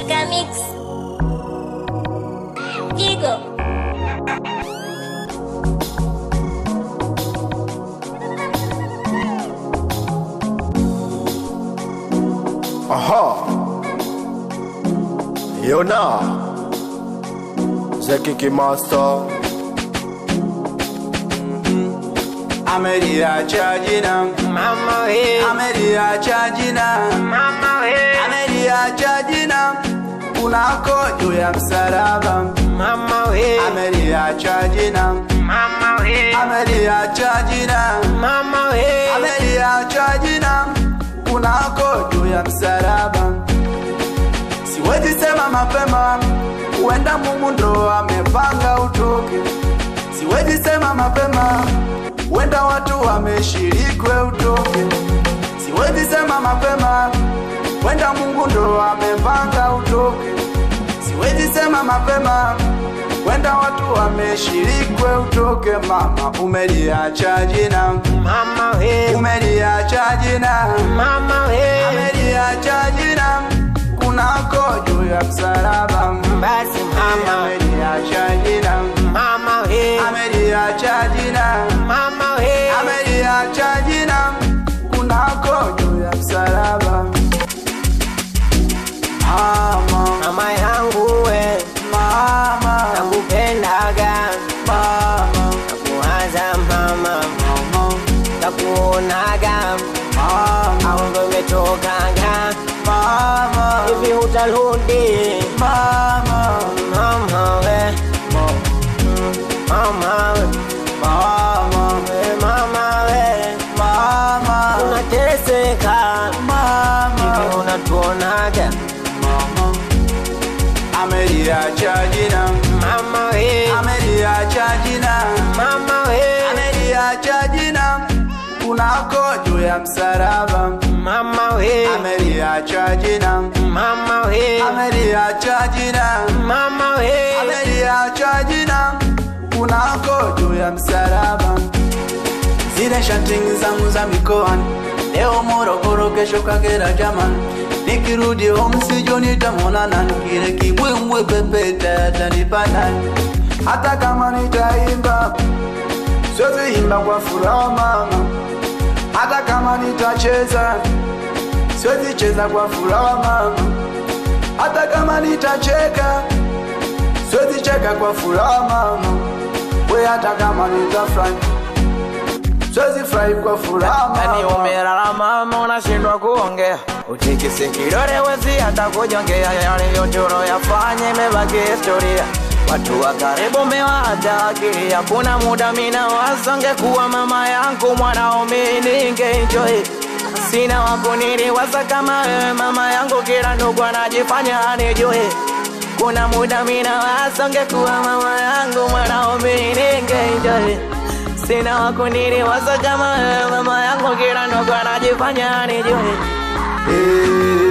Saca Mix. Digo. Aha. Mm-hmm. You know. The Kiki Master. Ameria Chajina, Mama, Ameria Chajina, Mama, Ameria Chajina. Mungu lako juu ya msalaba. Mama we, ameliacha jina. Mama we, ameliacha jina. Mama we, ameliacha jina lako juu ya msalaba. Siwezi sema mapema, huenda Mungu ndo amepanga utoke. Siwezi sema mapema, huenda watu wameshirikwe utoke. Siwezi sema mapema wenda Mungu ndo amepanga utoke, siwezi sema mapema, wenda watu wameshirikwe utoke. Mama umeliacha jina, mama we umeliacha jina, mama we ameliacha jina kunako juu ya msalaba, basi mama ameliacha jina, mama we ameliacha jina, mama we ameliacha jina kunako juu ya msalaba unaonaga au imetokanga hivi hutarudi unatuonaga ameliacha jina mama we ya msalaba. Mama we ameliacha jina. Mama we ameliacha jina. Mama we ameliacha jina kunako juu ya msalaba. Zile shantingi zangu za mikoani, leo Morogoro, kesho Kagera jamani, nikirudi home sijo kile kibwembwe pepeta atanipata hata kama nitaimba siwezi kwa furaha mama nitacheza, siwezi cheza kwa furaha mama, hata kama nitacheka, siwezi cheka kwa furaha mama, we hata kama nitafurahi siwezi furahi kwa furaha yani, umelala mama, unashindwa kuongea, utikise kidole, wezi hata kujongea. Yale yote unayoyafanya imebaki historia. Watu wa karibu mewaacha akili, hakuna muda mina wasonge kuwa mama yangu mwanaomi ninge enjoy sina wakuniliwaza kama wewe mama yangu, kila ndugu anajifanya anijue. Kuna muda mina wasonge kuwa mama yangu mwanao miningenjoe sina wakuniliwaza kama wewe mama yangu, kila ndugu anajifanya anijue hey. Eh.